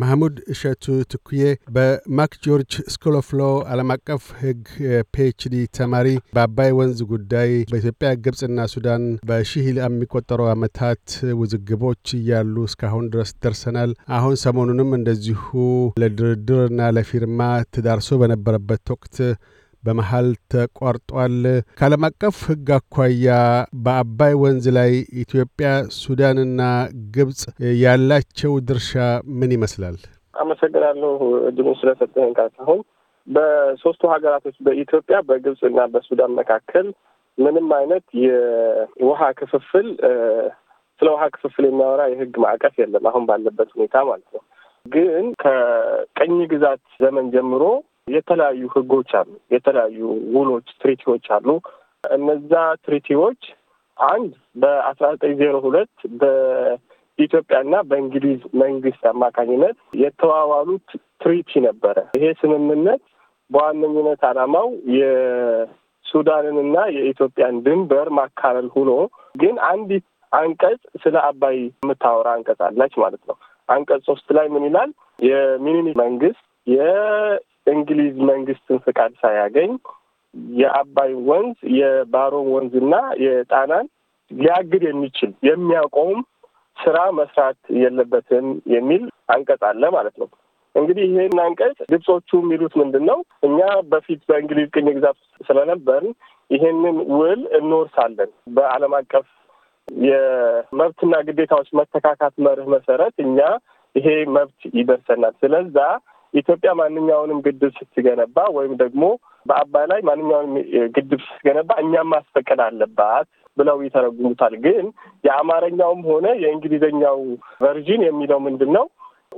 ማህሙድ እሸቱ ትኩዬ በማክ ጆርጅ ስኩል ኦፍ ሎ ዓለም አቀፍ ሕግ ፒኤችዲ ተማሪ በአባይ ወንዝ ጉዳይ በኢትዮጵያ ግብፅና ሱዳን በሺህ የሚቆጠሩ ዓመታት ውዝግቦች እያሉ እስካሁን ድረስ ደርሰናል። አሁን ሰሞኑንም እንደዚሁ ለድርድርና ለፊርማ ተዳርሶ በነበረበት ወቅት በመሀል ተቋርጧል። ከዓለም አቀፍ ሕግ አኳያ በአባይ ወንዝ ላይ ኢትዮጵያ፣ ሱዳንና ግብጽ ያላቸው ድርሻ ምን ይመስላል? አመሰግናለሁ እድሉን ስለሰጠህን ካሳሁን። በሶስቱ ሀገራቶች በኢትዮጵያ በግብጽና በሱዳን መካከል ምንም አይነት የውሃ ክፍፍል ስለ ውሃ ክፍፍል የሚያወራ የህግ ማዕቀፍ የለም አሁን ባለበት ሁኔታ ማለት ነው። ግን ከቅኝ ግዛት ዘመን ጀምሮ የተለያዩ ህጎች አሉ፣ የተለያዩ ውሎች፣ ትሪቲዎች አሉ። እነዛ ትሪቲዎች አንድ በአስራ ዘጠኝ ዜሮ ሁለት በኢትዮጵያና በእንግሊዝ መንግስት አማካኝነት የተዋዋሉት ትሪቲ ነበረ። ይሄ ስምምነት በዋነኝነት ዓላማው የሱዳንንና የኢትዮጵያን ድንበር ማካለል ሆኖ ግን አንዲት አንቀጽ ስለ አባይ የምታወራ አንቀጽ አላች ማለት ነው። አንቀጽ ሶስት ላይ ምን ይላል? የሚኒሊክ መንግስት እንግሊዝ መንግስትን ፍቃድ ሳያገኝ የአባይ ወንዝ የባሮን ወንዝና የጣናን ሊያግድ የሚችል የሚያቆም ስራ መስራት የለበትም የሚል አንቀጽ አለ ማለት ነው። እንግዲህ ይህን አንቀጽ ግብጾቹ የሚሉት ምንድን ነው? እኛ በፊት በእንግሊዝ ቅኝ ግዛት ስለነበርን ይሄንን ውል እንወርሳለን። በዓለም አቀፍ የመብትና ግዴታዎች መተካካት መርህ መሰረት እኛ ይሄ መብት ይደርሰናል። ስለዛ ኢትዮጵያ ማንኛውንም ግድብ ስትገነባ ወይም ደግሞ በአባይ ላይ ማንኛውንም ግድብ ስትገነባ እኛም ማስፈቀድ አለባት ብለው ይተረጉሙታል። ግን የአማርኛውም ሆነ የእንግሊዝኛው ቨርዥን የሚለው ምንድን ነው?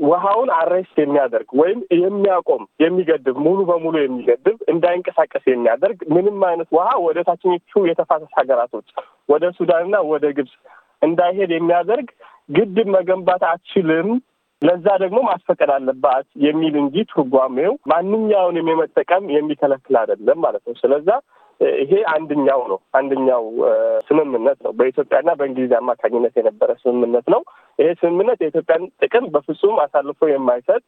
ውሃውን አሬስት የሚያደርግ ወይም የሚያቆም የሚገድብ ሙሉ በሙሉ የሚገድብ እንዳይንቀሳቀስ የሚያደርግ ምንም አይነት ውሃ ወደ ታችኞቹ የተፋሰስ ሀገራቶች ወደ ሱዳንና ወደ ግብፅ እንዳይሄድ የሚያደርግ ግድብ መገንባት አችልም ለዛ ደግሞ ማስፈቀድ አለባት የሚል እንጂ ትርጓሜው ማንኛውንም የመጠቀም የሚከለክል አይደለም ማለት ነው። ስለዛ ይሄ አንድኛው ነው አንድኛው ስምምነት ነው። በኢትዮጵያና በእንግሊዝ አማካኝነት የነበረ ስምምነት ነው። ይሄ ስምምነት የኢትዮጵያን ጥቅም በፍጹም አሳልፎ የማይሰጥ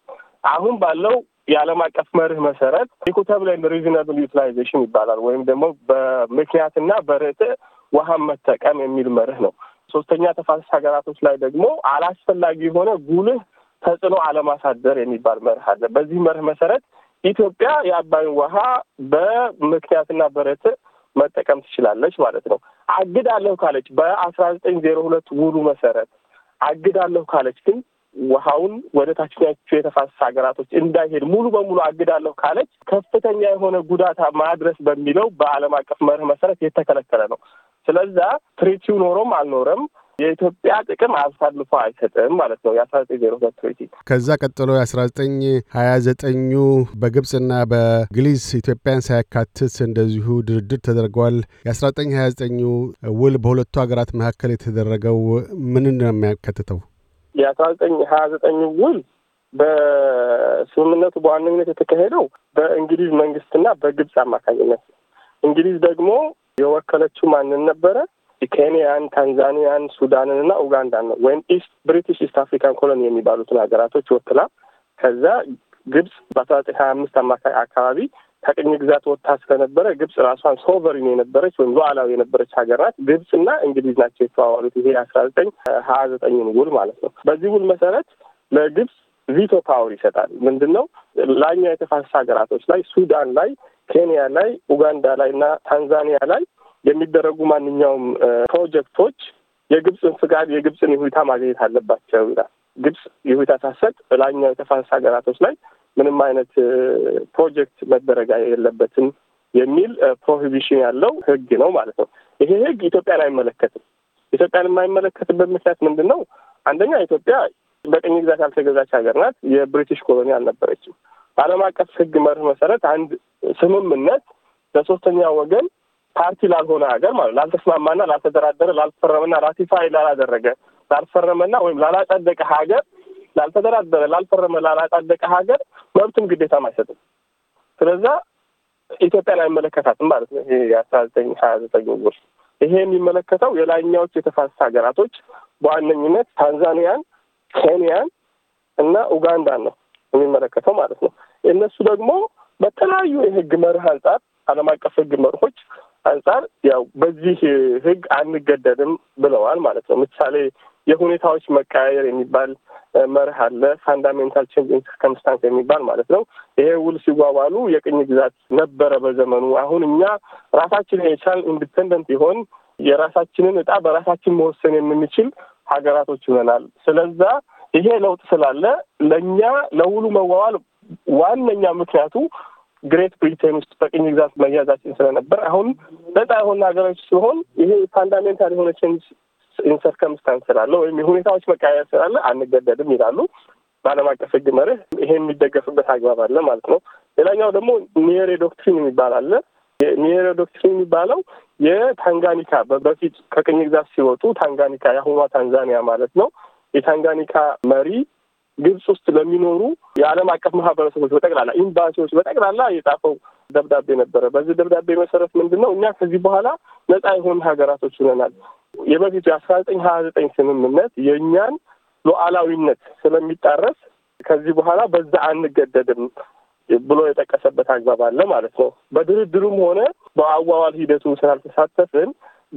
አሁን ባለው የዓለም አቀፍ መርህ መሰረት ኢኩተብል ኤንድ ሪዝናብል ዩቲላይዜሽን ይባላል ወይም ደግሞ በምክንያትና በርትዕ ውሃን መጠቀም የሚል መርህ ነው። ሶስተኛ ተፋሰስ ሀገራቶች ላይ ደግሞ አላስፈላጊ የሆነ ጉልህ ተጽዕኖ አለማሳደር የሚባል መርህ አለ። በዚህ መርህ መሰረት ኢትዮጵያ የአባይን ውሃ በምክንያትና በረት መጠቀም ትችላለች ማለት ነው። አግዳለሁ ካለች በአስራ ዘጠኝ ዜሮ ሁለት ውሉ መሰረት አግዳለሁ ካለች ግን ውሃውን ወደ ታችኛቹ የተፋሰስ ሀገራቶች እንዳይሄድ ሙሉ በሙሉ አግዳለሁ ካለች ከፍተኛ የሆነ ጉዳታ ማድረስ በሚለው በዓለም አቀፍ መርህ መሰረት የተከለከለ ነው። ስለዛ ትሪቲው ኖሮም አልኖረም የኢትዮጵያ ጥቅም አሳልፎ አይሰጥም ማለት ነው። የአስራ ዘጠኝ ዜሮ ሁለት ትሪቲ ከዛ ቀጥሎ የአስራ ዘጠኝ ሀያ ዘጠኙ በግብጽና በእንግሊዝ ኢትዮጵያን ሳያካትት እንደዚሁ ድርድር ተደርጓል። የአስራ ዘጠኝ ሀያ ዘጠኙ ውል በሁለቱ ሀገራት መካከል የተደረገው ምንን ነው የሚያካትተው? የአስራ ዘጠኝ ሀያ ዘጠኙ ውል በስምምነቱ በዋነኝነት የተካሄደው በእንግሊዝ መንግስትና በግብጽ አማካኝነት ነው። እንግሊዝ ደግሞ የወከለችው ማንን ነበረ? ኬንያን፣ ታንዛኒያን፣ ሱዳንን እና ኡጋንዳን ነው ወይም ኢስት ብሪቲሽ ኢስት አፍሪካን ኮሎኒ የሚባሉትን ሀገራቶች ወክላ ከዛ ግብጽ በአስራ ዘጠኝ ሀያ አምስት አማካይ አካባቢ ከቅኝ ግዛት ወጥታ ስለነበረ ግብጽ ራሷን ሶቨሪን የነበረች ወይም ሉዓላዊ የነበረች ሀገር ናት። ግብጽና እንግሊዝ ናቸው የተዋዋሉት። ይሄ አስራ ዘጠኝ ሀያ ዘጠኝን ውል ማለት ነው። በዚህ ውል መሰረት ለግብጽ ቪቶ ፓወር ይሰጣል። ምንድን ነው ላይኛው የተፋሰስ ሀገራቶች ላይ ሱዳን ላይ፣ ኬንያ ላይ፣ ኡጋንዳ ላይ እና ታንዛኒያ ላይ የሚደረጉ ማንኛውም ፕሮጀክቶች የግብፅን ፍቃድ የግብፅን ይሁንታ ማግኘት አለባቸው ይላል። ግብፅ ይሁንታ ሳትሰጥ ላኛው የተፋሰስ ሀገራቶች ላይ ምንም አይነት ፕሮጀክት መደረግ የለበትም የሚል ፕሮሂቢሽን ያለው ህግ ነው ማለት ነው። ይሄ ህግ ኢትዮጵያን አይመለከትም። ኢትዮጵያን የማይመለከትበት ምክንያት ምንድን ነው? አንደኛ ኢትዮጵያ በቅኝ ግዛት ያልተገዛች ሀገር ናት። የብሪቲሽ ኮሎኒ አልነበረችም። በዓለም አቀፍ ህግ መርህ መሰረት አንድ ስምምነት ለሶስተኛ ወገን ፓርቲ ላልሆነ ሀገር ማለት ላልተስማማና ላልተደራደረ፣ ላልፈረመና ራቲፋይ ላላደረገ፣ ላልፈረመና ወይም ላላጸደቀ ሀገር ላልተደራደረ፣ ላልፈረመ፣ ላላጸደቀ ሀገር መብትም ግዴታም አይሰጥም። ስለዛ ኢትዮጵያን አይመለከታትም ማለት ነው። ይሄ የአስራ ዘጠኝ ሀያ ዘጠኝ ውል ይሄ የሚመለከተው የላይኛዎች የተፋሰስ ሀገራቶች በዋነኝነት ታንዛኒያን፣ ኬንያን እና ኡጋንዳን ነው የሚመለከተው ማለት ነው። እነሱ ደግሞ በተለያዩ የህግ መርህ አንጻር ዓለም አቀፍ ህግ መርሆች አንጻር ያው በዚህ ህግ አንገደድም ብለዋል ማለት ነው። ምሳሌ የሁኔታዎች መቀያየር የሚባል መርህ አለ። ፋንዳሜንታል ቼንጅ ኢን የሚባል ማለት ነው። ይሄ ውል ሲዋዋሉ የቅኝ ግዛት ነበረ በዘመኑ። አሁን እኛ ራሳችን የቻል ኢንዲፔንደንት ይሆን የራሳችንን እጣ በራሳችን መወሰን የምንችል ሀገራቶች ይሆናል። ስለዛ ይሄ ለውጥ ስላለ ለእኛ ለውሉ መዋዋል ዋነኛ ምክንያቱ ግሬት ብሪቴን ውስጥ በቅኝ ግዛት መያዛችን ስለነበር አሁን ነጻ የሆነ ሀገሮች ሲሆን ይሄ ፋንዳሜንታል የሆነ ቼንጅ ኢንሰርከምስታንስ ስላለ ወይም የሁኔታዎች መቀያየር ስላለ አንገደድም ይላሉ። በዓለም አቀፍ ህግ መርህ ይሄ የሚደገፍበት አግባብ አለ ማለት ነው። ሌላኛው ደግሞ ኒየሬ ዶክትሪን የሚባል አለ። ኒሬ ዶክትሪን የሚባለው የታንጋኒካ በፊት ከቅኝ ግዛት ሲወጡ ታንጋኒካ የአሁኗ ታንዛኒያ ማለት ነው የታንጋኒካ መሪ ግብጽ ውስጥ ለሚኖሩ የዓለም አቀፍ ማህበረሰቦች በጠቅላላ ኤምባሲዎች በጠቅላላ የጻፈው ደብዳቤ ነበረ። በዚህ ደብዳቤ መሰረት ምንድን ነው እኛ ከዚህ በኋላ ነጻ የሆኑ ሀገራቶች ሆነናል። የበፊቱ የአስራ ዘጠኝ ሀያ ዘጠኝ ስምምነት የእኛን ሉዓላዊነት ስለሚጣረስ ከዚህ በኋላ በዛ አንገደድም ብሎ የጠቀሰበት አግባብ አለ ማለት ነው። በድርድሩም ሆነ በአዋዋል ሂደቱ ስላልተሳተፍን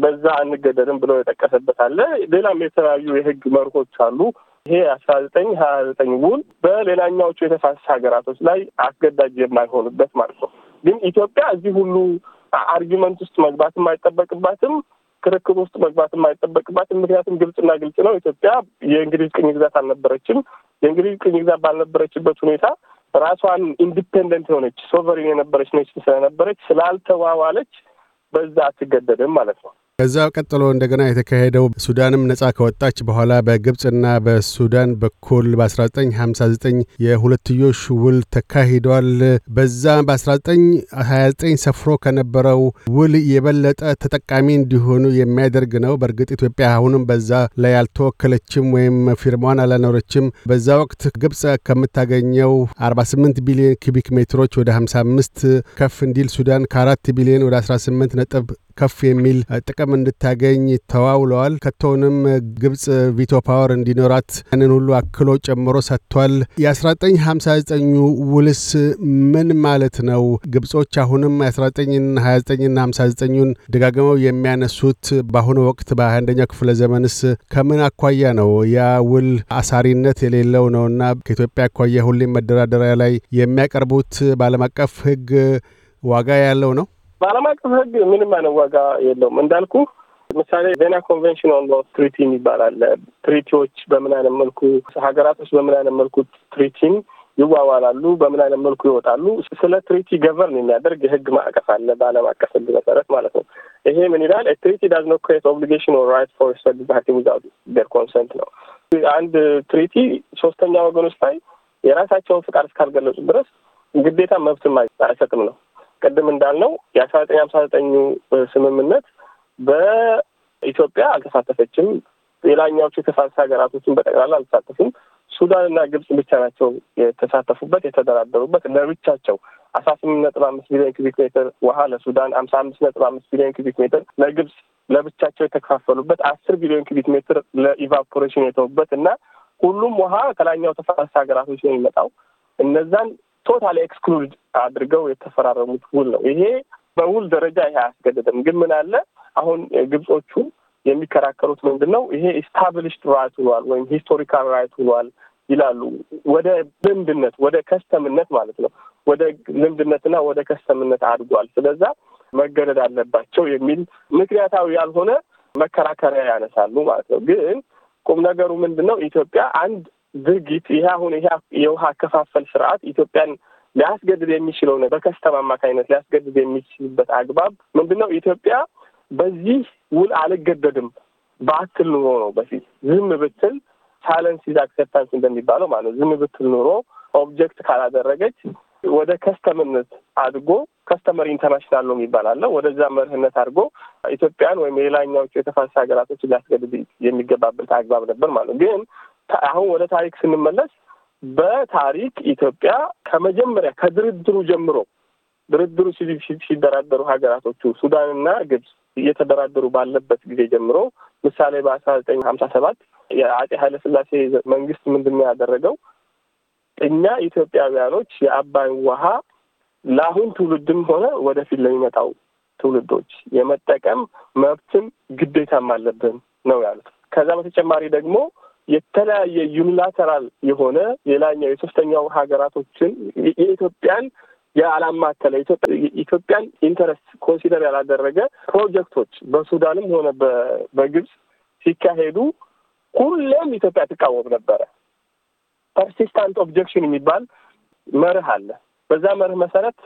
በዛ አንገደድም ብሎ የጠቀሰበት አለ። ሌላም የተለያዩ የህግ መርሆች አሉ። ይሄ አስራ ዘጠኝ ሀያ ዘጠኝ ውል በሌላኛዎቹ የተፋሰስ ሀገራቶች ላይ አስገዳጅ የማይሆንበት ማለት ነው። ግን ኢትዮጵያ እዚህ ሁሉ አርጊመንት ውስጥ መግባት የማይጠበቅባትም ክርክር ውስጥ መግባት የማይጠበቅባትም ምክንያቱም ግልጽና ግልጽ ነው። ኢትዮጵያ የእንግሊዝ ቅኝ ግዛት አልነበረችም። የእንግሊዝ ቅኝ ግዛት ባልነበረችበት ሁኔታ ራሷን ኢንዲፔንደንት የሆነች ሶቨሪን የነበረች ነች ስለነበረች ስላልተዋዋለች በዛ አትገደድም ማለት ነው። ከዛው ቀጥሎ እንደገና የተካሄደው ሱዳንም ነጻ ከወጣች በኋላ በግብፅና በሱዳን በኩል በ1959 የሁለትዮሽ ውል ተካሂዷል። በዛ በ1929 ሰፍሮ ከነበረው ውል የበለጠ ተጠቃሚ እንዲሆኑ የሚያደርግ ነው። በእርግጥ ኢትዮጵያ አሁንም በዛ ላይ አልተወከለችም ወይም ፊርማዋን አላኖረችም። በዛ ወቅት ግብፅ ከምታገኘው 48 ቢሊዮን ኪቢክ ሜትሮች ወደ 55 ከፍ እንዲል ሱዳን ከ4 ቢሊዮን ወደ 18 ነጥብ ከፍ የሚል ጥቅም እንድታገኝ ተዋውለዋል። ከቶውንም ግብጽ ቪቶ ፓወር እንዲኖራት ያንን ሁሉ አክሎ ጨምሮ ሰጥቷል። የ1959 ውልስ ምን ማለት ነው? ግብጾች አሁንም 19 ና 59ን ደጋግመው የሚያነሱት በአሁኑ ወቅት በ21ኛው ክፍለ ዘመንስ ከምን አኳያ ነው? ያ ውል አሳሪነት የሌለው ነውና ከኢትዮጵያ አኳያ ሁሌም መደራደሪያ ላይ የሚያቀርቡት በዓለም አቀፍ ሕግ ዋጋ ያለው ነው። በዓለም አቀፍ ህግ ምንም አይነት ዋጋ የለውም እንዳልኩ ምሳሌ ቬና ኮንቬንሽን ኦን ሎስ ትሪቲ የሚባል አለ። ትሪቲዎች በምን አይነት መልኩ ሀገራቶች በምን አይነት መልኩ ትሪቲን ይዋዋላሉ፣ በምን አይነት መልኩ ይወጣሉ፣ ስለ ትሪቲ ገቨርን የሚያደርግ የህግ ማዕቀፍ አለ፣ በዓለም አቀፍ ህግ መሰረት ማለት ነው። ይሄ ምን ይላል? ትሪቲ ዳዝ ኖት ክሬት ኦብሊጌሽን ኦር ራይት ፎር ሰርድ ፓርቲ ዊዛውት ዴር ኮንሰንት ነው። አንድ ትሪቲ ሶስተኛ ወገኖች ላይ የራሳቸውን ፍቃድ እስካልገለጹ ድረስ ግዴታ መብትም አይሰጥም ነው ቅድም እንዳልነው የአስራ ዘጠኝ ሀምሳ ዘጠኙ ስምምነት በኢትዮጵያ አልተሳተፈችም። ሌላኛዎቹ የተፋሰስ ሀገራቶችን በጠቅላላ አልተሳተፉም። ሱዳንና ግብጽ ብቻ ናቸው የተሳተፉበት የተደራደሩበት ለብቻቸው አስራ ስምንት ነጥብ አምስት ቢሊዮን ኪቢክ ሜትር ውሃ ለሱዳን አምሳ አምስት ነጥብ አምስት ቢሊዮን ኪቢክ ሜትር ለግብጽ ለብቻቸው የተከፋፈሉበት አስር ቢሊዮን ኪቢክ ሜትር ለኢቫፖሬሽን የተውበት እና ሁሉም ውሃ ከላይኛው ተፋሰስ ሀገራቶች ነው የሚመጣው። እነዛን ቶታል ኤክስክሉድ አድርገው የተፈራረሙት ውል ነው። ይሄ በውል ደረጃ ይሄ አያስገደደም። ግን ምን አለ አሁን ግብጾቹ የሚከራከሩት ምንድን ነው? ይሄ ኢስታብሊሽድ ራይት ውሏል ወይም ሂስቶሪካል ራይት ውሏል ይላሉ። ወደ ልምድነት ወደ ከስተምነት ማለት ነው። ወደ ልምድነትና ወደ ከስተምነት አድጓል። ስለዛ መገደድ አለባቸው የሚል ምክንያታዊ ያልሆነ መከራከሪያ ያነሳሉ ማለት ነው። ግን ቁም ነገሩ ምንድን ነው? ኢትዮጵያ አንድ ድርጊት ይህ አሁን የውሃ አከፋፈል ስርዓት ኢትዮጵያን ሊያስገድድ የሚችለው በከስተም አማካኝነት ሊያስገድድ የሚችልበት አግባብ ምንድን ነው? ኢትዮጵያ በዚህ ውል አልገደድም በአትል ኑሮ ነው። በፊት ዝም ብትል ሳይለንስ ኢዝ አክሰፕታንስ እንደሚባለው ማለት ነው። ዝም ብትል ኑሮ ኦብጀክት ካላደረገች ወደ ከስተምነት አድጎ ከስተመር ኢንተርናሽናል ነው የሚባላለው ወደዛ መርህነት አድርጎ ኢትዮጵያን ወይም የሌላኛዎቹ የተፋሰስ ሀገራቶች ሊያስገድድ የሚገባበት አግባብ ነበር ማለት ነው። ግን አሁን ወደ ታሪክ ስንመለስ በታሪክ ኢትዮጵያ ከመጀመሪያ ከድርድሩ ጀምሮ ድርድሩ ሲደራደሩ ሀገራቶቹ ሱዳንና ግብጽ እየተደራደሩ ባለበት ጊዜ ጀምሮ ምሳሌ በአስራ ዘጠኝ ሀምሳ ሰባት የአጼ ኃይለስላሴ መንግስት ምንድን ያደረገው? እኛ ኢትዮጵያውያኖች የአባይ ውሃ ለአሁን ትውልድም ሆነ ወደፊት ለሚመጣው ትውልዶች የመጠቀም መብትን ግዴታም አለብን ነው ያሉት። ከዛ በተጨማሪ ደግሞ የተለያየ ዩኒላተራል የሆነ ሌላኛው የሶስተኛው ሀገራቶችን የኢትዮጵያን ያላማከለ ኢትዮጵያን ኢንተረስት ኮንሲደር ያላደረገ ፕሮጀክቶች በሱዳንም ሆነ በግብጽ ሲካሄዱ ሁሌም ኢትዮጵያ ትቃወም ነበረ። ፐርሲስታንት ኦብጀክሽን የሚባል መርህ አለ። በዛ መርህ መሰረት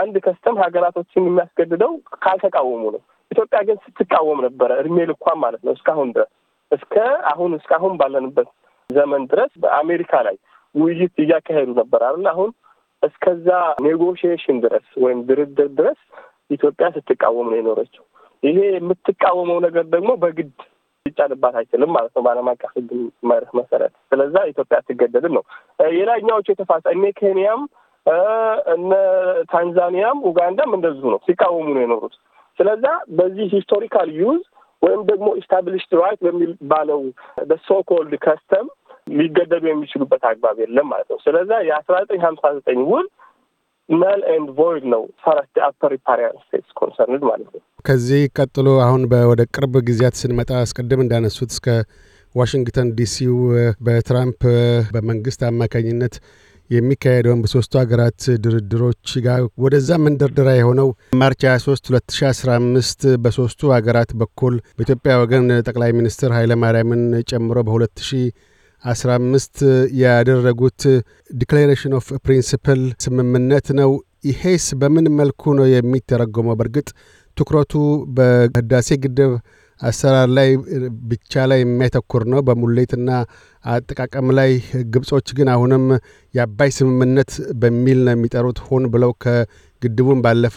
አንድ ከስተም ሀገራቶችን የሚያስገድደው ካልተቃወሙ ነው። ኢትዮጵያ ግን ስትቃወም ነበረ እድሜ ልኳን ማለት ነው እስካሁን ድረስ እስከ አሁን እስካሁን ባለንበት ዘመን ድረስ በአሜሪካ ላይ ውይይት እያካሄዱ ነበር አይደል? አሁን እስከዛ ኔጎሽዬሽን ድረስ ወይም ድርድር ድረስ ኢትዮጵያ ስትቃወም ነው የኖረችው። ይሄ የምትቃወመው ነገር ደግሞ በግድ ሊጫንባት አይችልም ማለት ነው በዓለም አቀፍ ሕግ መርህ መሰረት። ስለዛ ኢትዮጵያ አትገደድም ነው የላይኛዎቹ የተፋሰ እኔ ኬንያም እነ ታንዛኒያም ኡጋንዳም እንደዚሁ ነው ሲቃወሙ ነው የኖሩት። ስለዛ በዚህ ሂስቶሪካል ዩዝ ወይም ደግሞ ኢስታብሊሽድ ራይት በሚባለው በሶኮልድ ከስተም ሊገደዱ የሚችሉበት አግባብ የለም ማለት ነው። ስለዛ የአስራ ዘጠኝ ሀምሳ ዘጠኝ ውል ነል ኤንድ ቮይድ ነው ፈረስት አፐር ሪፓሪያን ስቴትስ ኮንሰርንድ ማለት ነው። ከዚህ ቀጥሎ አሁን ወደ ቅርብ ጊዜያት ስንመጣ አስቀድም እንዳነሱት እስከ ዋሽንግተን ዲሲው በትራምፕ በመንግስት አማካኝነት የሚካሄደውን በሶስቱ ሀገራት ድርድሮች ጋር ወደዛ መንደርደሪያ የሆነው ማርች 23 2015 በሶስቱ ሀገራት በኩል በኢትዮጵያ ወገን ጠቅላይ ሚኒስትር ኃይለማርያምን ጨምሮ በ 215 ያደረጉት ዲክሌሬሽን ኦፍ ፕሪንስፕል ስምምነት ነው። ይሄስ በምን መልኩ ነው የሚተረጎመው? በእርግጥ ትኩረቱ በህዳሴ ግድብ አሰራር ላይ ብቻ ላይ የሚያተኩር ነው በሙሌትና አጠቃቀም ላይ። ግብጾች ግን አሁንም የአባይ ስምምነት በሚል ነው የሚጠሩት። ሆን ብለው ከግድቡን ባለፈ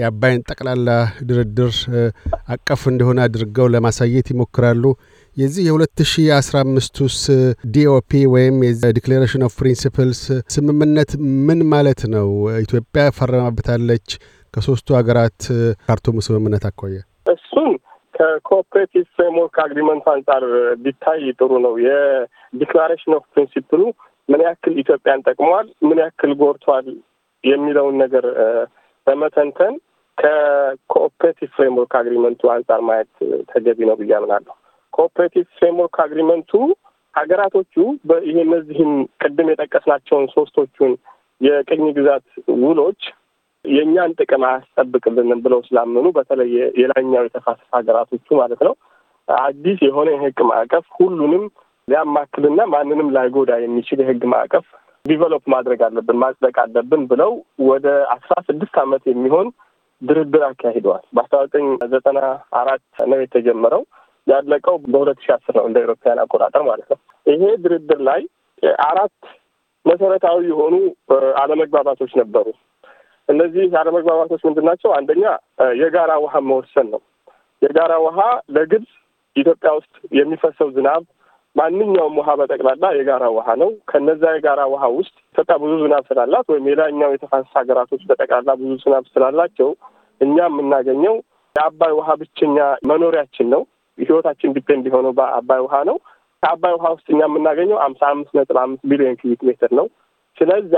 የአባይን ጠቅላላ ድርድር አቀፍ እንደሆነ አድርገው ለማሳየት ይሞክራሉ። የዚህ የ2015ቱስ ዲኦፒ ወይም ዲክሌሬሽን ኦፍ ፕሪንሲፕልስ ስምምነት ምን ማለት ነው? ኢትዮጵያ ፈረማበታለች ከሶስቱ ሀገራት ካርቱም ስምምነት አኳያ እሱም ከኮኦፕሬቲቭ ፍሬምወርክ አግሪመንት አንጻር ቢታይ ጥሩ ነው። የዲክላሬሽን ኦፍ ፕሪንሲፕሉ ምን ያክል ኢትዮጵያን ጠቅመዋል፣ ምን ያክል ጎርቷል የሚለውን ነገር በመተንተን ከኮኦፕሬቲቭ ፍሬምወርክ አግሪመንቱ አንጻር ማየት ተገቢ ነው ብዬ አምናለሁ። ኮኦፕሬቲቭ ፍሬምወርክ አግሪመንቱ ሀገራቶቹ በይህ እነዚህም ቅድም የጠቀስናቸውን ሶስቶቹን የቅኝ ግዛት ውሎች የእኛን ጥቅም አያስጠብቅልንም ብለው ስላመኑ በተለይ የላይኛው የተፋሰስ ሀገራቶቹ ማለት ነው አዲስ የሆነ የህግ ማዕቀፍ ሁሉንም ሊያማክልና ማንንም ላይጎዳ የሚችል የህግ ማዕቀፍ ዲቨሎፕ ማድረግ አለብን ማጽደቅ አለብን ብለው ወደ አስራ ስድስት ዓመት የሚሆን ድርድር አካሂደዋል። በአስራ ዘጠኝ ዘጠና አራት ነው የተጀመረው ያለቀው በሁለት ሺ አስር ነው እንደ ኤሮፓያን አቆጣጠር ማለት ነው። ይሄ ድርድር ላይ አራት መሰረታዊ የሆኑ አለመግባባቶች ነበሩ። እነዚህ አለመግባባቶች ምንድን ናቸው? አንደኛ የጋራ ውሃ መወሰን ነው። የጋራ ውሃ ለግብፅ ኢትዮጵያ ውስጥ የሚፈሰው ዝናብ ማንኛውም ውሃ በጠቅላላ የጋራ ውሃ ነው። ከነዛ የጋራ ውሃ ውስጥ ኢትዮጵያ ብዙ ዝናብ ስላላት ወይም የላይኛው የተፋሰስ ሀገራቶች በጠቅላላ ብዙ ዝናብ ስላላቸው እኛ የምናገኘው የአባይ ውሃ ብቸኛ መኖሪያችን ነው። ህይወታችን ዲፔንድ የሆነው በአባይ ውሃ ነው። ከአባይ ውሃ ውስጥ እኛ የምናገኘው አምሳ አምስት ነጥብ አምስት ቢሊዮን ኪዩቢክ ሜትር ነው። ስለዛ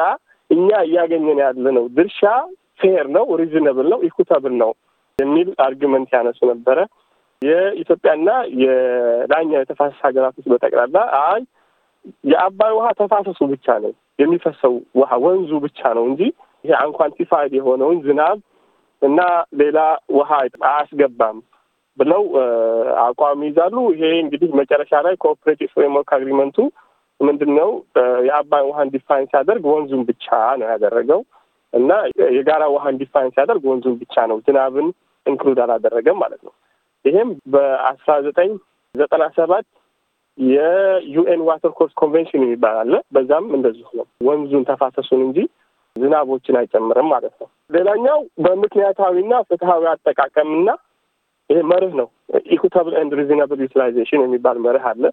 እኛ እያገኘን ያለነው ድርሻ ፌር ነው፣ ሪዝነብል ነው፣ ኢኩታብል ነው የሚል አርጊመንት ያነሱ ነበረ። የኢትዮጵያና የዳኛ የተፋሰስ ሀገራት ውስጥ በጠቅላላ አይ የአባይ ውሃ ተፋሰሱ ብቻ ነው የሚፈሰው ውሃ ወንዙ ብቻ ነው እንጂ ይሄ አንኳንቲፋይድ የሆነውን ዝናብ እና ሌላ ውሃ አያስገባም ብለው አቋም ይዛሉ። ይሄ እንግዲህ መጨረሻ ላይ ኮኦፕሬቲቭ ፍሬምወርክ አግሪመንቱ ምንድን ነው የአባይ ውሃን ዲፋይን ሲያደርግ ወንዙን ብቻ ነው ያደረገው እና የጋራ ውሃን ዲፋይን ሲያደርግ ወንዙን ብቻ ነው ዝናብን ኢንክሉድ አላደረገም ማለት ነው። ይሄም በአስራ ዘጠኝ ዘጠና ሰባት የዩኤን ዋተር ኮርስ ኮንቬንሽን የሚባል አለ። በዛም እንደዚሁ ነው ወንዙን ተፋሰሱን እንጂ ዝናቦችን አይጨምርም ማለት ነው። ሌላኛው በምክንያታዊና ፍትሀዊ አጠቃቀምና ይሄ መርህ ነው። ኢኩታብል ኤንድ ሪዝናብል ዩቲላይዜሽን የሚባል መርህ አለ።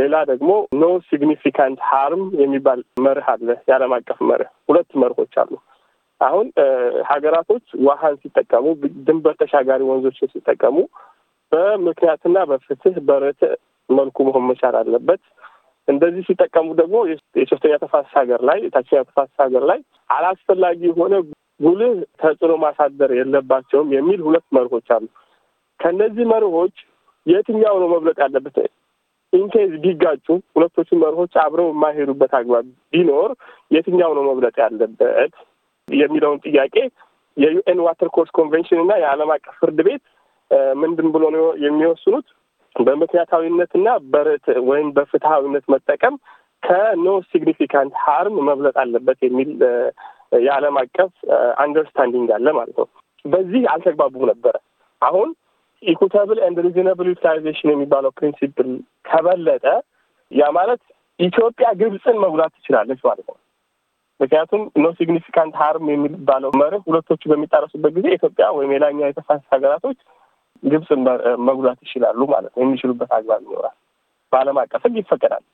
ሌላ ደግሞ ኖ ሲግኒፊካንት ሀርም የሚባል መርህ አለ። የዓለም አቀፍ መርህ ሁለት መርሆች አሉ። አሁን ሀገራቶች ውሃን ሲጠቀሙ፣ ድንበር ተሻጋሪ ወንዞችን ሲጠቀሙ በምክንያትና በፍትህ በርትዕ መልኩ መሆን መቻል አለበት። እንደዚህ ሲጠቀሙ ደግሞ የሶስተኛ ተፋሰስ ሀገር ላይ የታችኛ ተፋሰስ ሀገር ላይ አላስፈላጊ የሆነ ጉልህ ተጽዕኖ ማሳደር የለባቸውም የሚል ሁለት መርሆች አሉ። ከእነዚህ መርሆች የትኛው ነው መብለጥ ያለበት ኢንኬዝ ቢጋጩ ሁለቶቹ መርሆች አብረው የማይሄዱበት አግባብ ቢኖር የትኛው ነው መብለጥ ያለበት የሚለውን ጥያቄ የዩኤን ዋተር ኮርስ ኮንቬንሽን እና የዓለም አቀፍ ፍርድ ቤት ምንድን ብሎ ነው የሚወስኑት? እና በርት ወይም በፍትሐዊነት መጠቀም ከኖ ሲግኒፊካንት ሀርም መብለጥ አለበት የሚል የዓለም አቀፍ አንደርስታንዲንግ አለ ማለት ነው። በዚህ አልተግባቡም ነበረ። አሁን ኢኩታብል ኤንድ ሪዝናብል ዩቲላይዜሽን የሚባለው ፕሪንሲፕል ከበለጠ ያ ማለት ኢትዮጵያ ግብፅን መጉዳት ትችላለች ማለት ነው። ምክንያቱም ኖ ሲግኒፊካንት ሀርም የሚባለው መርህ ሁለቶቹ በሚጣረሱበት ጊዜ ኢትዮጵያ ወይም የላኛው የተፋሰስ ሀገራቶች ግብፅን መጉዳት ይችላሉ ማለት ነው። የሚችሉበት አግባብ ይኖራል። በዓለም አቀፍ ሕግ ይፈቀዳል።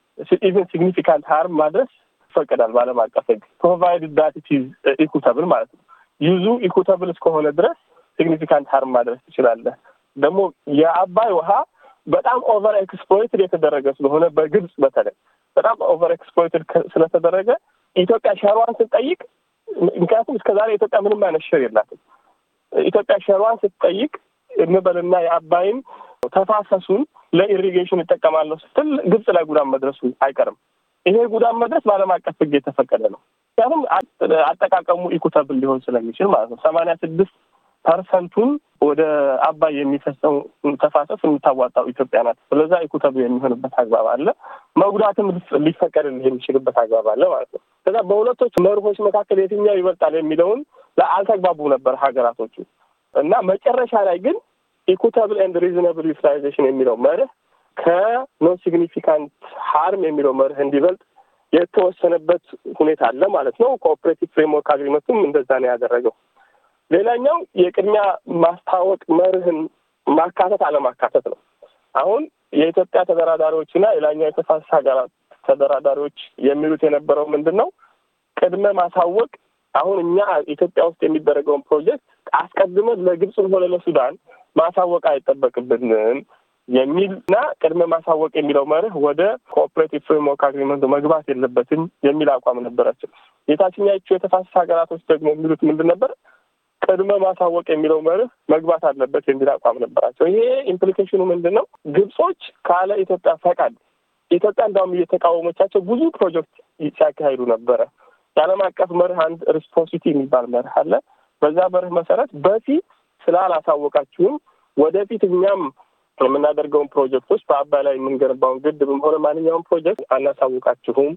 ኢቨን ሲግኒፊካንት ሀርም ማድረስ ይፈቀዳል በዓለም አቀፍ ሕግ ፕሮቫይድ ዳት ኢት ኢዝ ኢኩተብል ማለት ነው። ዩዙ ኢኩተብል እስከሆነ ድረስ ሲግኒፊካንት ሀርም ማድረስ ትችላለህ። ደግሞ የአባይ ውሃ በጣም ኦቨር ኤክስፕሎይትድ የተደረገ ስለሆነ በግብጽ በተለይ በጣም ኦቨር ኤክስፕሎይትድ ስለተደረገ ኢትዮጵያ ሸሯን ስትጠይቅ ምክንያቱም እስከዛሬ ኢትዮጵያ ምንም አይነት ሸር የላትም። ኢትዮጵያ ሸሯን ስትጠይቅ እንበልና የአባይን ተፋሰሱን ለኢሪጌሽን ይጠቀማለሁ ስትል ግብጽ ላይ ጉዳት መድረሱ አይቀርም። ይሄ ጉዳት መድረስ በዓለም አቀፍ ሕግ የተፈቀደ ነው። ምክንያቱም አጠቃቀሙ ኢኩተብል ሊሆን ስለሚችል ማለት ነው። ሰማንያ ስድስት ፐርሰንቱን ወደ አባይ የሚፈሰው ተፋሰስ የምታዋጣው ኢትዮጵያ ናት። ስለዛ ኢኩተብ የሚሆንበት አግባብ አለ። መጉዳትም ሊፈቀድልህ የሚችልበት አግባብ አለ ማለት ነው። ከዛ በሁለቶች መርሆች መካከል የትኛው ይበልጣል የሚለውን አልተግባቡ ነበር ሀገራቶቹ እና መጨረሻ ላይ ግን ኢኩተብል ኤንድ ሪዝነብል ዩቲላይዜሽን የሚለው መርህ ከኖ ሲግኒፊካንት ሀርም የሚለው መርህ እንዲበልጥ የተወሰነበት ሁኔታ አለ ማለት ነው። ኮኦፕሬቲቭ ፍሬምወርክ አግሪመንቱም እንደዛ ነው ያደረገው። ሌላኛው የቅድሚያ ማስታወቅ መርህን ማካተት አለማካተት ነው። አሁን የኢትዮጵያ ተደራዳሪዎችና ሌላኛው የተፋሰስ ሀገራት ተደራዳሪዎች የሚሉት የነበረው ምንድን ነው? ቅድመ ማሳወቅ አሁን እኛ ኢትዮጵያ ውስጥ የሚደረገውን ፕሮጀክት አስቀድመ ለግብፅም ሆነ ለሱዳን ማሳወቅ አይጠበቅብንም የሚል እና ቅድመ ማሳወቅ የሚለው መርህ ወደ ኮኦፕሬቲቭ ፍሬምወርክ አግሪመንቱ መግባት የለበትም የሚል አቋም ነበራቸው። የታችኛዎቹ የተፋሰስ ሀገራቶች ደግሞ የሚሉት ምንድን ነበር? ቅድመ ማሳወቅ የሚለው መርህ መግባት አለበት የሚል አቋም ነበራቸው። ይሄ ኢምፕሊኬሽኑ ምንድን ነው? ግብጾች ካለ ኢትዮጵያ ፈቃድ ኢትዮጵያ እንዳውም እየተቃወሞቻቸው ብዙ ፕሮጀክት ሲያካሂዱ ነበረ። የዓለም አቀፍ መርህ አንድ ሪስፖንሲቲ የሚባል መርህ አለ። በዛ መርህ መሰረት በፊት ስላላሳወቃችሁም ወደፊት እኛም የምናደርገውን ፕሮጀክቶች በአባይ ላይ የምንገነባውን ግድብም ሆነ ማንኛውም ፕሮጀክት አናሳውቃችሁም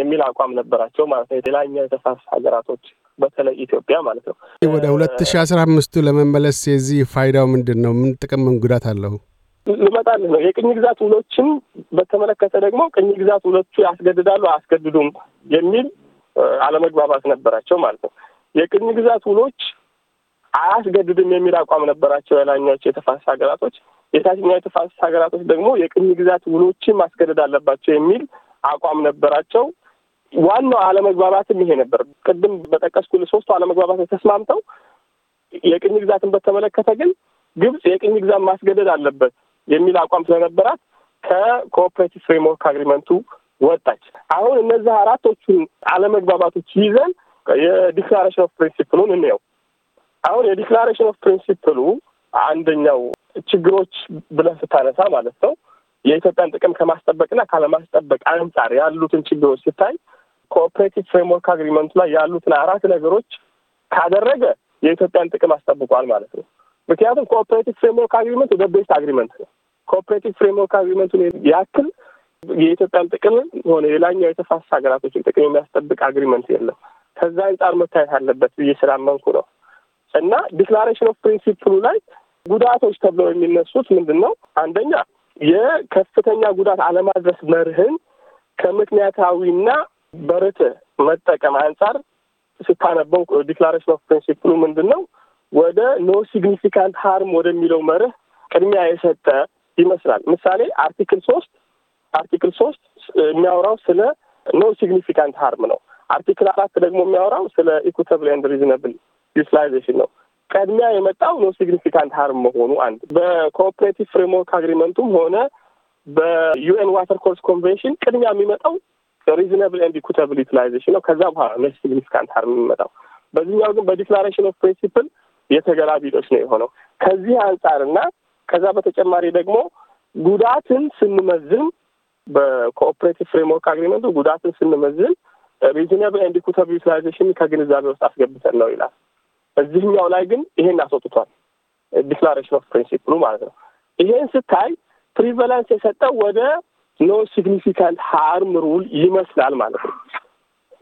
የሚል አቋም ነበራቸው ማለት ነው። ሌላኛ የተፋሰስ ሀገራቶች በተለይ ኢትዮጵያ ማለት ነው። ወደ ሁለት ሺ አስራ አምስቱ ለመመለስ የዚህ ፋይዳው ምንድን ነው? ምን ጥቅም ጉዳት አለው? ልመጣልህ ነው። የቅኝ ግዛት ውሎችን በተመለከተ ደግሞ ቅኝ ግዛት ውሎቹ ያስገድዳሉ አያስገድዱም የሚል አለመግባባት ነበራቸው ማለት ነው። የቅኝ ግዛት ውሎች አያስገድድም የሚል አቋም ነበራቸው የላኛዎች የተፋሰስ ሀገራቶች። የታችኛው የተፋሰስ ሀገራቶች ደግሞ የቅኝ ግዛት ውሎችን ማስገደድ አለባቸው የሚል አቋም ነበራቸው። ዋናው አለመግባባትም ይሄ ነበር። ቅድም በጠቀስኩ ሶስቱ አለመግባባት ተስማምተው የቅኝ ግዛትን በተመለከተ ግን ግብጽ የቅኝ ግዛት ማስገደድ አለበት የሚል አቋም ስለነበራት ከኮኦፕሬቲቭ ፍሬምወርክ አግሪመንቱ ወጣች። አሁን እነዚህ አራቶቹን አለመግባባቶች ይዘን የዲክላሬሽን ኦፍ ፕሪንሲፕሉን እንየው። አሁን የዲክላሬሽን ኦፍ ፕሪንሲፕሉ አንደኛው ችግሮች ብለህ ስታነሳ ማለት ነው የኢትዮጵያን ጥቅም ከማስጠበቅና ካለማስጠበቅ አንጻር ያሉትን ችግሮች ስታይ ኮኦፕሬቲቭ ፍሬምወርክ አግሪመንቱ ላይ ያሉትን አራት ነገሮች ካደረገ የኢትዮጵያን ጥቅም አስጠብቋል ማለት ነው። ምክንያቱም ኮኦፕሬቲቭ ፍሬምወርክ አግሪመንት ወደ አግሪመንት ነው። ኮኦፕሬቲቭ ፍሬምወርክ አግሪመንቱን ያክል የኢትዮጵያን ጥቅም ሆነ ሌላኛው የተፋሰስ ሀገራቶችን ጥቅም የሚያስጠብቅ አግሪመንት የለም። ከዛ አንጻር መታየት አለበት ብዬ ስላመንኩ ነው እና ዲክላሬሽን ኦፍ ፕሪንሲፕሉ ላይ ጉዳቶች ተብለው የሚነሱት ምንድን ነው? አንደኛ የከፍተኛ ጉዳት አለማድረስ መርህን ከምክንያታዊና በርት መጠቀም አንጻር ስታነበው ዲክላሬሽን ኦፍ ፕሪንሲፕሉ ምንድን ነው ወደ ኖ ሲግኒፊካንት ሀርም ወደሚለው መርህ ቅድሚያ የሰጠ ይመስላል። ምሳሌ አርቲክል ሶስት አርቲክል ሶስት የሚያወራው ስለ ኖ ሲግኒፊካንት ሀርም ነው። አርቲክል አራት ደግሞ የሚያወራው ስለ ኢኩተብል ኤንድ ሪዝነብል ዩቲላይዜሽን ነው። ቀድሚያ የመጣው ኖ ሲግኒፊካንት ሀርም መሆኑ አንድ በኮኦፕሬቲቭ ፍሬምወርክ አግሪመንቱም ሆነ በዩኤን ዋተር ኮርስ ኮንቬንሽን ቅድሚያ የሚመጣው ሪዝናብል ኤንድ ኢኩታብል ዩቲላይዜሽን ነው። ከዛ በኋላ ነው ሲግኒፊካንት ሀርም የሚመጣው። በዚህኛው ግን በዲክላሬሽን ኦፍ ፕሪንሲፕል የተገላቢጦች ነው የሆነው። ከዚህ እና ከዛ በተጨማሪ ደግሞ ጉዳትን ስንመዝን በኮኦፕሬቲቭ ፍሬምወርክ አግሪመንቱ ጉዳትን ስንመዝን ሪዝናብል ኤንድ ኢኩታብል ዩቲላይዜሽን ከግንዛቤ ውስጥ አስገብተን ነው ይላል። እዚህኛው ላይ ግን ይሄን አስወጥቷል። ዲክላሬሽን ኦፍ ፕሪንሲፕሉ ማለት ነው። ይሄን ስታይ ፕሪቨለንስ የሰጠው ወደ ኖ ሲግኒፊካንት ሀርም ሩል ይመስላል ማለት ነው።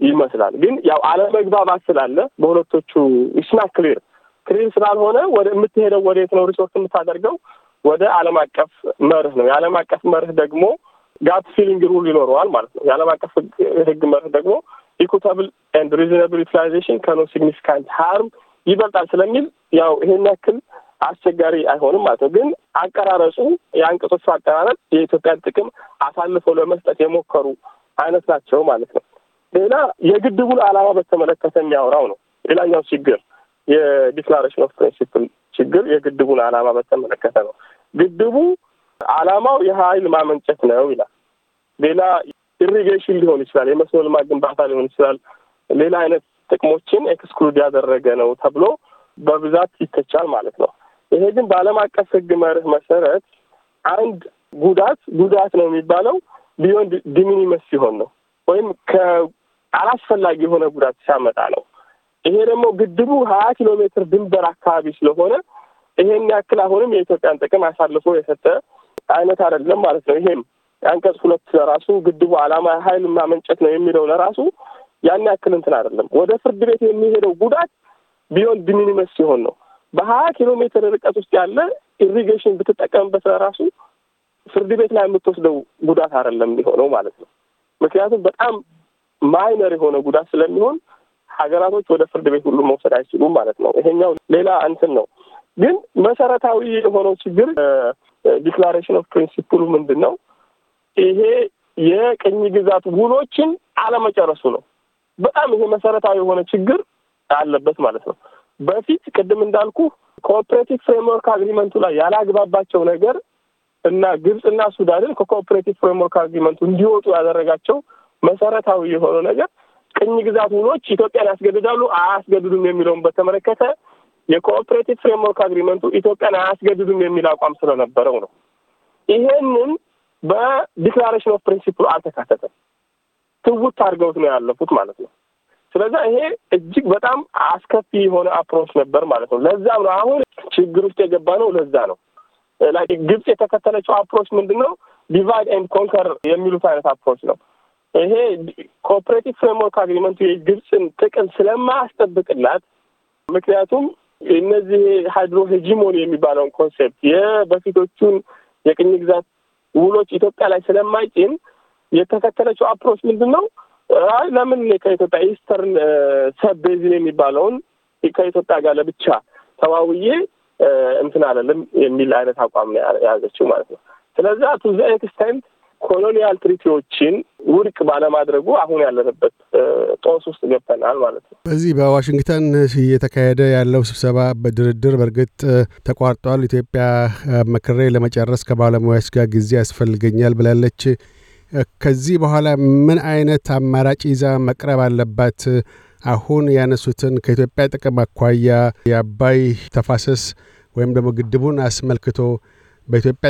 ይመስላል ግን ያው አለመግባባት ስላለ በሁለቶቹ ኢስና ክሊር ክሊር ስላልሆነ ወደ የምትሄደው ወደ ነው? ሪሶርት የምታደርገው ወደ አለም አቀፍ መርህ ነው። የአለም አቀፍ መርህ ደግሞ ጋፕ ፊሊንግ ሩል ይኖረዋል ማለት ነው። የአለም አቀፍ ህግ መርህ ደግሞ ኢኩታብል ኤንድ ሪዝናብል ዩቲላይዜሽን ከኖ ሲግኒፊካንት ሀርም ይበልጣል ስለሚል ያው ይሄን ያክል አስቸጋሪ አይሆንም ማለት ነው። ግን አቀራረጹ የአንቀጾቹ አቀራረጽ የኢትዮጵያን ጥቅም አሳልፈው ለመስጠት የሞከሩ አይነት ናቸው ማለት ነው። ሌላ የግድቡን ዓላማ በተመለከተ የሚያወራው ነው። ሌላኛው ችግር የዲክላሬሽን ኦፍ ፕሪንሲፕል ችግር የግድቡን ዓላማ በተመለከተ ነው። ግድቡ ዓላማው የኃይል ማመንጨት ነው ይላል። ሌላ ኢሪጌሽን ሊሆን ይችላል፣ የመስኖ ልማት ግንባታ ሊሆን ይችላል። ሌላ አይነት ጥቅሞችን ኤክስክሉድ ያደረገ ነው ተብሎ በብዛት ይተቻል ማለት ነው። ይሄ ግን በዓለም አቀፍ ሕግ መርህ መሰረት አንድ ጉዳት ጉዳት ነው የሚባለው ቢዮን ዲሚኒመስ ሲሆን ነው ወይም ከአላስፈላጊ የሆነ ጉዳት ሲያመጣ ነው። ይሄ ደግሞ ግድቡ ሀያ ኪሎ ሜትር ድንበር አካባቢ ስለሆነ ይሄን ያክል አሁንም የኢትዮጵያን ጥቅም አሳልፎ የሰጠ አይነት አይደለም ማለት ነው። ይሄም አንቀጽ ሁለት ለራሱ ግድቡ ዓላማ ኃይል ማመንጨት ነው የሚለው ለራሱ ያን ያክል እንትን አይደለም። ወደ ፍርድ ቤት የሚሄደው ጉዳት ቢዮን ዲሚኒመስ ሲሆን ነው በሀያ ኪሎ ሜትር ርቀት ውስጥ ያለ ኢሪጌሽን ብትጠቀምበት ራሱ ፍርድ ቤት ላይ የምትወስደው ጉዳት አይደለም የሚሆነው ማለት ነው። ምክንያቱም በጣም ማይነር የሆነ ጉዳት ስለሚሆን ሀገራቶች ወደ ፍርድ ቤት ሁሉ መውሰድ አይችሉም ማለት ነው። ይሄኛው ሌላ እንትን ነው። ግን መሰረታዊ የሆነው ችግር ዲክላሬሽን ኦፍ ፕሪንሲፕሉ ምንድን ነው? ይሄ የቅኝ ግዛት ውሎችን አለመጨረሱ ነው። በጣም ይሄ መሰረታዊ የሆነ ችግር አለበት ማለት ነው። በፊት ቅድም እንዳልኩ ኮኦፕሬቲቭ ፍሬምወርክ አግሪመንቱ ላይ ያላግባባቸው ነገር እና ግብፅና ሱዳንን ከኮኦፕሬቲቭ ፍሬምወርክ አግሪመንቱ እንዲወጡ ያደረጋቸው መሰረታዊ የሆነው ነገር ቅኝ ግዛት ውሎች ኢትዮጵያን ያስገድዳሉ አያስገድዱም የሚለውን በተመለከተ የኮኦፕሬቲቭ ፍሬምወርክ አግሪመንቱ ኢትዮጵያን አያስገድዱም የሚል አቋም ስለነበረው ነው። ይሄንን በዲክላሬሽን ኦፍ ፕሪንሲፕል አልተካተተም። ትውት አድርገውት ነው ያለፉት ማለት ነው። ስለዛ ይሄ እጅግ በጣም አስከፊ የሆነ አፕሮች ነበር ማለት ነው። ለዛም ነው አሁን ችግር ውስጥ የገባ ነው። ለዛ ነው ላይ ግብጽ የተከተለችው አፕሮች ምንድን ነው? ዲቫይድ ኤንድ ኮንከር የሚሉት አይነት አፕሮች ነው። ይሄ ኮኦፕሬቲቭ ፍሬምወርክ አግሪመንቱ የግብፅን ጥቅም ስለማያስጠብቅላት ምክንያቱም እነዚህ ሃይድሮ ሄጂሞኒ የሚባለውን ኮንሴፕት የበፊቶቹን የቅኝ ግዛት ውሎች ኢትዮጵያ ላይ ስለማይጭን የተከተለችው አፕሮች ምንድን ነው? አይ ለምን ከኢትዮጵያ ኢስተርን ሰብ ቤዝን የሚባለውን ከኢትዮጵያ ጋር ለብቻ ተዋውዬ እንትን አለልም የሚል አይነት አቋም የያዘችው ማለት ነው። ስለዛ ቱዘ ኤክስተንት ኮሎኒያል ትሪቲዎችን ውድቅ ባለማድረጉ አሁን ያለንበት ጦስ ውስጥ ገብተናል ማለት ነው። በዚህ በዋሽንግተን እየተካሄደ ያለው ስብሰባ በድርድር በእርግጥ ተቋርጧል። ኢትዮጵያ መክሬ ለመጨረስ ከባለሙያዎች ጋር ጊዜ ያስፈልገኛል ብላለች። ከዚህ በኋላ ምን አይነት አማራጭ ይዛ መቅረብ አለባት? አሁን ያነሱትን ከኢትዮጵያ ጥቅም አኳያ የአባይ ተፋሰስ ወይም ደግሞ ግድቡን አስመልክቶ በኢትዮጵያ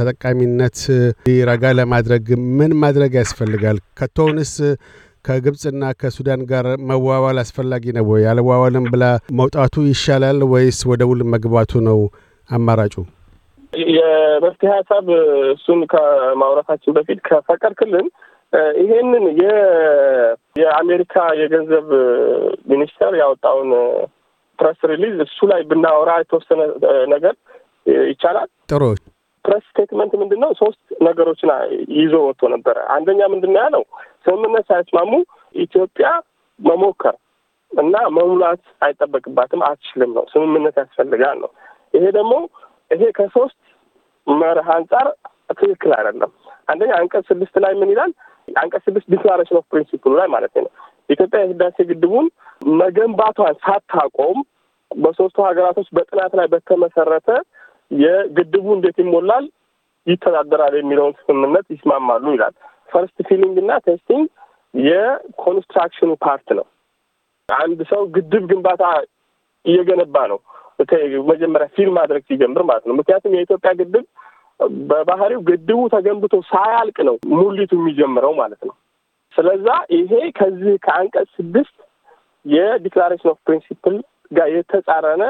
ተጠቃሚነት ሊረጋ ለማድረግ ምን ማድረግ ያስፈልጋል? ከቶውንስ ከግብፅና ከሱዳን ጋር መዋዋል አስፈላጊ ነው ወይ? አልዋዋልም ብላ መውጣቱ ይሻላል ወይስ ወደ ውል መግባቱ ነው አማራጩ? የመፍትሄ ሀሳብ እሱን ከማውራታችን በፊት ከፈቀድክልን ይሄንን የአሜሪካ የገንዘብ ሚኒስቴር ያወጣውን ፕሬስ ሪሊዝ እሱ ላይ ብናወራ የተወሰነ ነገር ይቻላል። ጥሩ ፕሬስ ስቴትመንት ምንድን ነው? ሶስት ነገሮችን ይዞ ወጥቶ ነበረ። አንደኛ ምንድን ነው ያለው? ስምምነት ሳያስማሙ ኢትዮጵያ መሞከር እና መሙላት አይጠበቅባትም፣ አትችልም ነው። ስምምነት ያስፈልጋል ነው። ይሄ ደግሞ ይሄ ከሶስት መርህ አንጻር ትክክል አይደለም። አንደኛ አንቀጽ ስድስት ላይ ምን ይላል? አንቀጽ ስድስት ዲክላሬሽን ኦፍ ፕሪንሲፕሉ ላይ ማለት ነው ኢትዮጵያ የህዳሴ ግድቡን መገንባቷን ሳታቆም በሶስቱ ሀገራቶች በጥናት ላይ በተመሰረተ የግድቡ እንዴት ይሞላል ይተዳደራል የሚለውን ስምምነት ይስማማሉ ይላል። ፈርስት ፊሊንግ እና ቴስቲንግ የኮንስትራክሽኑ ፓርት ነው። አንድ ሰው ግድብ ግንባታ እየገነባ ነው። መጀመሪያ ፊል ማድረግ ሲጀምር ማለት ነው። ምክንያቱም የኢትዮጵያ ግድብ በባህሪው ግድቡ ተገንብቶ ሳያልቅ ነው ሙሊቱ የሚጀምረው ማለት ነው። ስለዛ ይሄ ከዚህ ከአንቀጽ ስድስት የዲክላሬሽን ኦፍ ፕሪንሲፕል ጋር የተጻረነ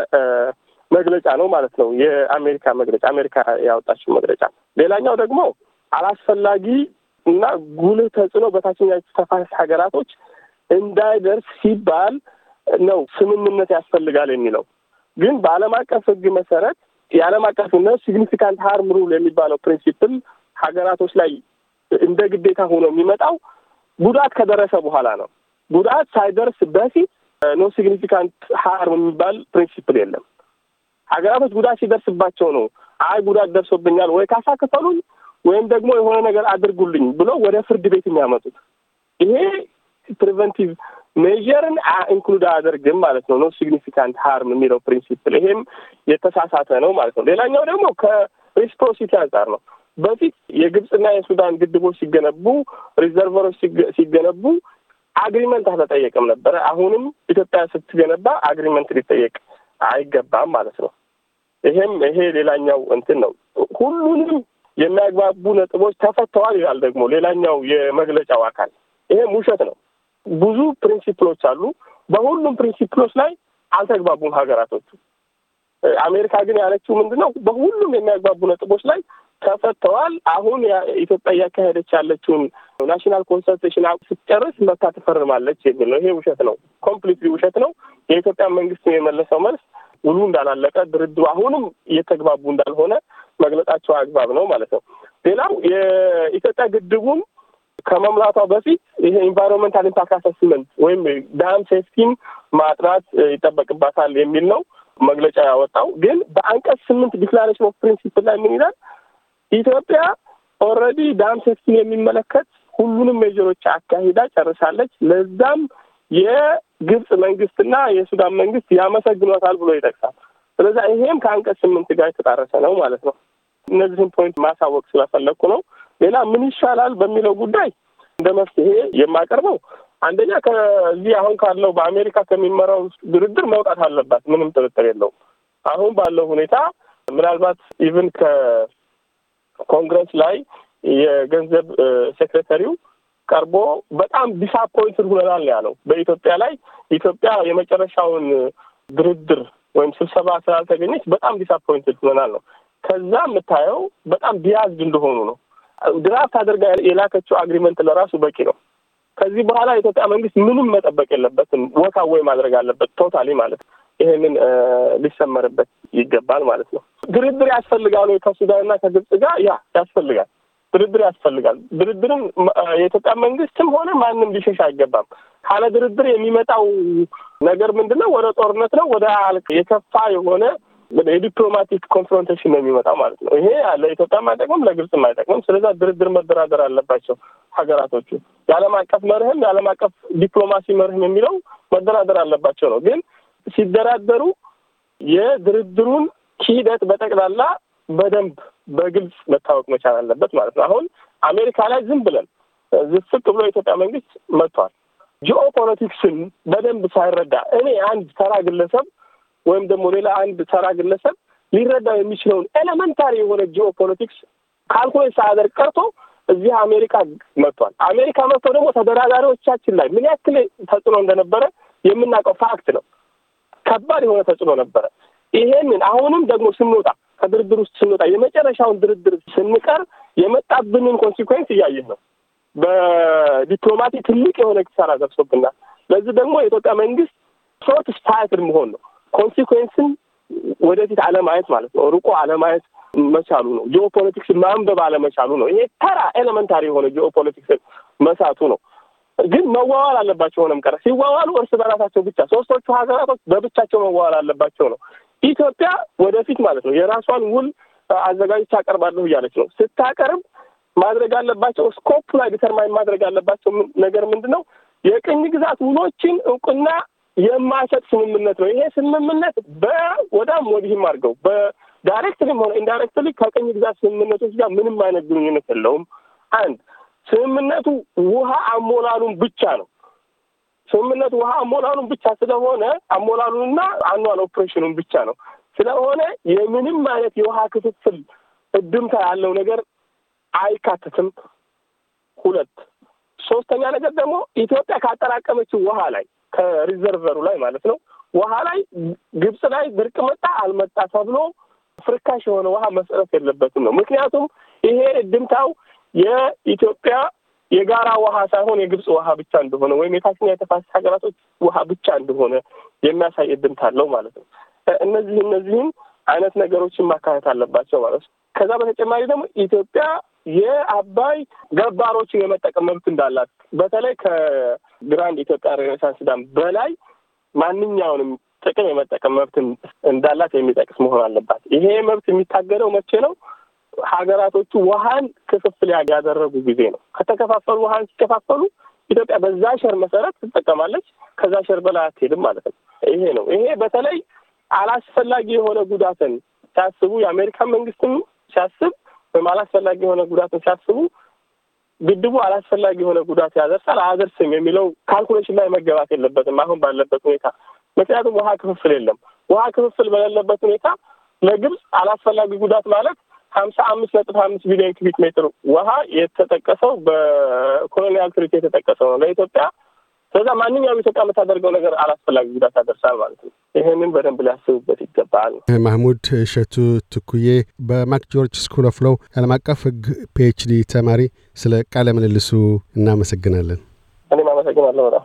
መግለጫ ነው ማለት ነው። የአሜሪካ መግለጫ አሜሪካ ያወጣችው መግለጫ። ሌላኛው ደግሞ አላስፈላጊ እና ጉልህ ተጽዕኖ በታችኛ ተፋሰስ ሀገራቶች እንዳይደርስ ሲባል ነው ስምምነት ያስፈልጋል የሚለው ግን በዓለም አቀፍ ህግ መሰረት የዓለም ነ ሲግኒፊካንት ሀርም ሩል የሚባለው ፕሪንሲፕል ሀገራቶች ላይ እንደ ግዴታ ሆኖ የሚመጣው ጉዳት ከደረሰ በኋላ ነው። ጉዳት ሳይደርስ በፊት ኖ ሲግኒፊካንት ሀርም የሚባል ፕሪንሲፕል የለም። ሀገራቶች ጉዳት ሲደርስባቸው ነው አይ ጉዳት ደርሶብኛል ወይ ካሳ ክፈሉኝ ወይም ደግሞ የሆነ ነገር አድርጉልኝ ብሎ ወደ ፍርድ ቤት የሚያመጡት ይሄ ፕሪቨንቲቭ ሜዥርን ኢንክሉድ አያደርግም ማለት ነው። ኖ ሲግኒፊካንት ሀርም የሚለው ፕሪንሲፕል ይሄም የተሳሳተ ነው ማለት ነው። ሌላኛው ደግሞ ከሪስፕሮሲቲ አንጻር ነው። በፊት የግብፅና የሱዳን ግድቦች ሲገነቡ፣ ሪዘርቨሮች ሲገነቡ አግሪመንት አልተጠየቅም ነበረ። አሁንም ኢትዮጵያ ስትገነባ አግሪመንት ሊጠየቅ አይገባም ማለት ነው። ይሄም ይሄ ሌላኛው እንትን ነው። ሁሉንም የሚያግባቡ ነጥቦች ተፈተዋል ይላል ደግሞ ሌላኛው የመግለጫው አካል። ይሄም ውሸት ነው። ብዙ ፕሪንሲፕሎች አሉ። በሁሉም ፕሪንሲፕሎች ላይ አልተግባቡም ሀገራቶቹ። አሜሪካ ግን ያለችው ምንድን ነው? በሁሉም የሚያግባቡ ነጥቦች ላይ ተፈተዋል። አሁን ኢትዮጵያ እያካሄደች ያለችውን ናሽናል ኮንሰልቴሽን ስትጨርስ መታ ትፈርማለች የሚል ነው። ይሄ ውሸት ነው፣ ኮምፕሊትሊ ውሸት ነው። የኢትዮጵያ መንግስት የመለሰው መልስ ውሉ እንዳላለቀ ድርድሩ አሁንም እየተግባቡ እንዳልሆነ መግለጻቸው አግባብ ነው ማለት ነው። ሌላው የኢትዮጵያ ግድቡም ከመሙላቷ በፊት ይሄ ኢንቫይሮንመንታል ኢምፓክት አሰስመንት ወይም ዳም ሴፍቲን ማጥናት ይጠበቅባታል የሚል ነው መግለጫ ያወጣው። ግን በአንቀጽ ስምንት ዲክላሬሽን ኦፍ ፕሪንሲፕል ላይ ምን ይላል? ኢትዮጵያ ኦልሬዲ ዳም ሴፍቲን የሚመለከት ሁሉንም ሜጀሮች አካሂዳ ጨርሳለች። ለዛም የግብጽ መንግስትና የሱዳን መንግስት ያመሰግኗታል ብሎ ይጠቅሳል። ስለዚ ይሄም ከአንቀጽ ስምንት ጋር የተጣረሰ ነው ማለት ነው። እነዚህን ፖይንት ማሳወቅ ስለፈለግኩ ነው። ሌላ ምን ይሻላል በሚለው ጉዳይ እንደ መፍትሄ የማቀርበው አንደኛ ከዚህ አሁን ካለው በአሜሪካ ከሚመራው ድርድር መውጣት አለባት። ምንም ጥርጥር የለውም። አሁን ባለው ሁኔታ ምናልባት ኢቭን ከኮንግረስ ላይ የገንዘብ ሴክሬተሪው ቀርቦ በጣም ዲስአፖይንትድ ሁነናል ያለው በኢትዮጵያ ላይ ኢትዮጵያ የመጨረሻውን ድርድር ወይም ስብሰባ ስላልተገኘች በጣም ዲስአፖይንትድ ሁነናል ነው። ከዛ የምታየው በጣም ቢያዝድ እንደሆኑ ነው ድራፍት አድርጋ የላከችው አግሪመንት ለራሱ በቂ ነው። ከዚህ በኋላ የኢትዮጵያ መንግስት ምንም መጠበቅ የለበትም። ወካ ወይ ማድረግ አለበት ቶታሊ ማለት ነው። ይህንን ሊሰመርበት ይገባል ማለት ነው። ድርድር ያስፈልጋል ወይ ከሱዳንና ከግብጽ ጋር? ያ ያስፈልጋል። ድርድር ያስፈልጋል። ድርድርም የኢትዮጵያ መንግስትም ሆነ ማንም ሊሸሽ አይገባም። ካለ ድርድር የሚመጣው ነገር ምንድን ነው? ወደ ጦርነት ነው፣ ወደ የከፋ የሆነ ወደ የዲፕሎማቲክ ኮንፍሮንቴሽን ነው የሚመጣው ማለት ነው። ይሄ ለኢትዮጵያም አይጠቅምም፣ ለግብፅም አይጠቅምም። ስለዛ ድርድር መደራደር አለባቸው ሀገራቶቹ። የዓለም አቀፍ መርህም የዓለም አቀፍ ዲፕሎማሲ መርህም የሚለው መደራደር አለባቸው ነው። ግን ሲደራደሩ የድርድሩን ሂደት በጠቅላላ በደንብ በግልጽ መታወቅ መቻል አለበት ማለት ነው። አሁን አሜሪካ ላይ ዝም ብለን ዝፍቅ ብሎ የኢትዮጵያ መንግስት መጥቷል። ጂኦ ፖለቲክስን በደንብ ሳይረዳ እኔ አንድ ተራ ግለሰብ ወይም ደግሞ ሌላ አንድ ተራ ግለሰብ ሊረዳው የሚችለውን ኤሌመንታሪ የሆነ ጂኦ ፖለቲክስ ካልኩሌት ሳያደርግ ቀርቶ እዚህ አሜሪካ መጥቷል። አሜሪካ መጥቶ ደግሞ ተደራዳሪዎቻችን ላይ ምን ያክል ተጽዕኖ እንደነበረ የምናውቀው ፋክት ነው። ከባድ የሆነ ተጽዕኖ ነበረ። ይሄንን አሁንም ደግሞ ስንወጣ ከድርድር ውስጥ ስንወጣ የመጨረሻውን ድርድር ስንቀር የመጣብንን ኮንሲኩዌንስ እያየን ነው። በዲፕሎማቲ ትልቅ የሆነ ኪሳራ ደርሶብናል። ለዚህ ደግሞ የኢትዮጵያ መንግስት ሾርት ሳይትድ መሆን ነው። ኮንሲኩዌንስን ወደፊት አለማየት ማለት ነው። ርቆ አለማየት መቻሉ ነው። ጂኦ ፖለቲክስ ማንበብ አለመቻሉ ነው። ይሄ ተራ ኤሌመንታሪ የሆነ ጂኦ ፖለቲክስ መሳቱ ነው። ግን መዋዋል አለባቸው። ሆነም ቀረ ሲዋዋሉ እርስ በራሳቸው ብቻ ሶስቶቹ ሀገራቶች በብቻቸው መዋዋል አለባቸው ነው። ኢትዮጵያ ወደፊት ማለት ነው የራሷን ውል አዘጋጅታ አቀርባለሁ እያለች ነው። ስታቀርብ ማድረግ አለባቸው ስኮፕ ላይ ዲተርማይን ማድረግ አለባቸው ነገር ምንድን ነው የቅኝ ግዛት ውሎችን እውቅና የማይሰጥ ስምምነት ነው። ይሄ ስምምነት በወዳም ወዲህም አድርገው በዳይሬክትሊም ሆነ ኢንዳይሬክትሊ ከቅኝ ግዛት ስምምነቶች ጋር ምንም አይነት ግንኙነት የለውም። አንድ ስምምነቱ ውሃ አሞላሉን ብቻ ነው። ስምምነቱ ውሃ አሞላሉን ብቻ ስለሆነ አሞላሉንና አኗል ኦፕሬሽኑን ብቻ ነው ስለሆነ የምንም አይነት የውሃ ክፍፍል እድምታ ያለው ነገር አይካተትም። ሁለት ሶስተኛ ነገር ደግሞ ኢትዮጵያ ካጠራቀመችው ውሃ ላይ ከሪዘርቨሩ ላይ ማለት ነው ውሃ ላይ ግብፅ ላይ ድርቅ መጣ አልመጣ ተብሎ ፍርካሽ የሆነ ውሃ መሰረት የለበትም ነው። ምክንያቱም ይሄ እድምታው የኢትዮጵያ የጋራ ውሃ ሳይሆን የግብፅ ውሃ ብቻ እንደሆነ ወይም የታችኛ የተፋሰስ ሀገራቶች ውሃ ብቻ እንደሆነ የሚያሳይ እድምታ አለው ማለት ነው። እነዚህ እነዚህም አይነት ነገሮችን ማካተት አለባቸው ማለት ነው። ከዛ በተጨማሪ ደግሞ ኢትዮጵያ የአባይ ገባሮችን የመጠቀም መብት እንዳላት በተለይ ግራንድ ኢትዮጵያ ሬኔሳንስ ዳም በላይ ማንኛውንም ጥቅም የመጠቀም መብት እንዳላት የሚጠቅስ መሆን አለባት። ይሄ መብት የሚታገደው መቼ ነው? ሀገራቶቹ ውሃን ክፍፍል ያደረጉ ጊዜ ነው። ከተከፋፈሉ ውሃን ሲከፋፈሉ ኢትዮጵያ በዛ ሸር መሰረት ትጠቀማለች፣ ከዛ ሸር በላይ አትሄድም ማለት ነው። ይሄ ነው። ይሄ በተለይ አላስፈላጊ የሆነ ጉዳትን ሲያስቡ የአሜሪካን መንግስትም ሲያስብ ወይም አላስፈላጊ የሆነ ጉዳትን ሲያስቡ ግድቡ አላስፈላጊ የሆነ ጉዳት ያደርሳል አያደርስም የሚለው ካልኩሌሽን ላይ መገባት የለበትም አሁን ባለበት ሁኔታ። ምክንያቱም ውሃ ክፍፍል የለም። ውሃ ክፍፍል በሌለበት ሁኔታ ለግብፅ አላስፈላጊ ጉዳት ማለት ሀምሳ አምስት ነጥብ አምስት ቢሊዮን ኪቢክ ሜትር ውሃ የተጠቀሰው በኮሎኒያል ትሪት የተጠቀሰው ነው። ለኢትዮጵያ በዛ ማንኛውም ኢትዮጵያ የምታደርገው ነገር አላስፈላጊ ጉዳት ያደርሳል ማለት ነው። ይህንን በደንብ ሊያስቡበት ይገባል። ማህሙድ እሸቱ ትኩዬ በማክ ጆርጅ ስኩል ኦፍ ሎው የዓለም አቀፍ ሕግ ፒኤችዲ ተማሪ፣ ስለ ቃለ ምልልሱ እናመሰግናለን። እኔም አመሰግናለሁ በጣም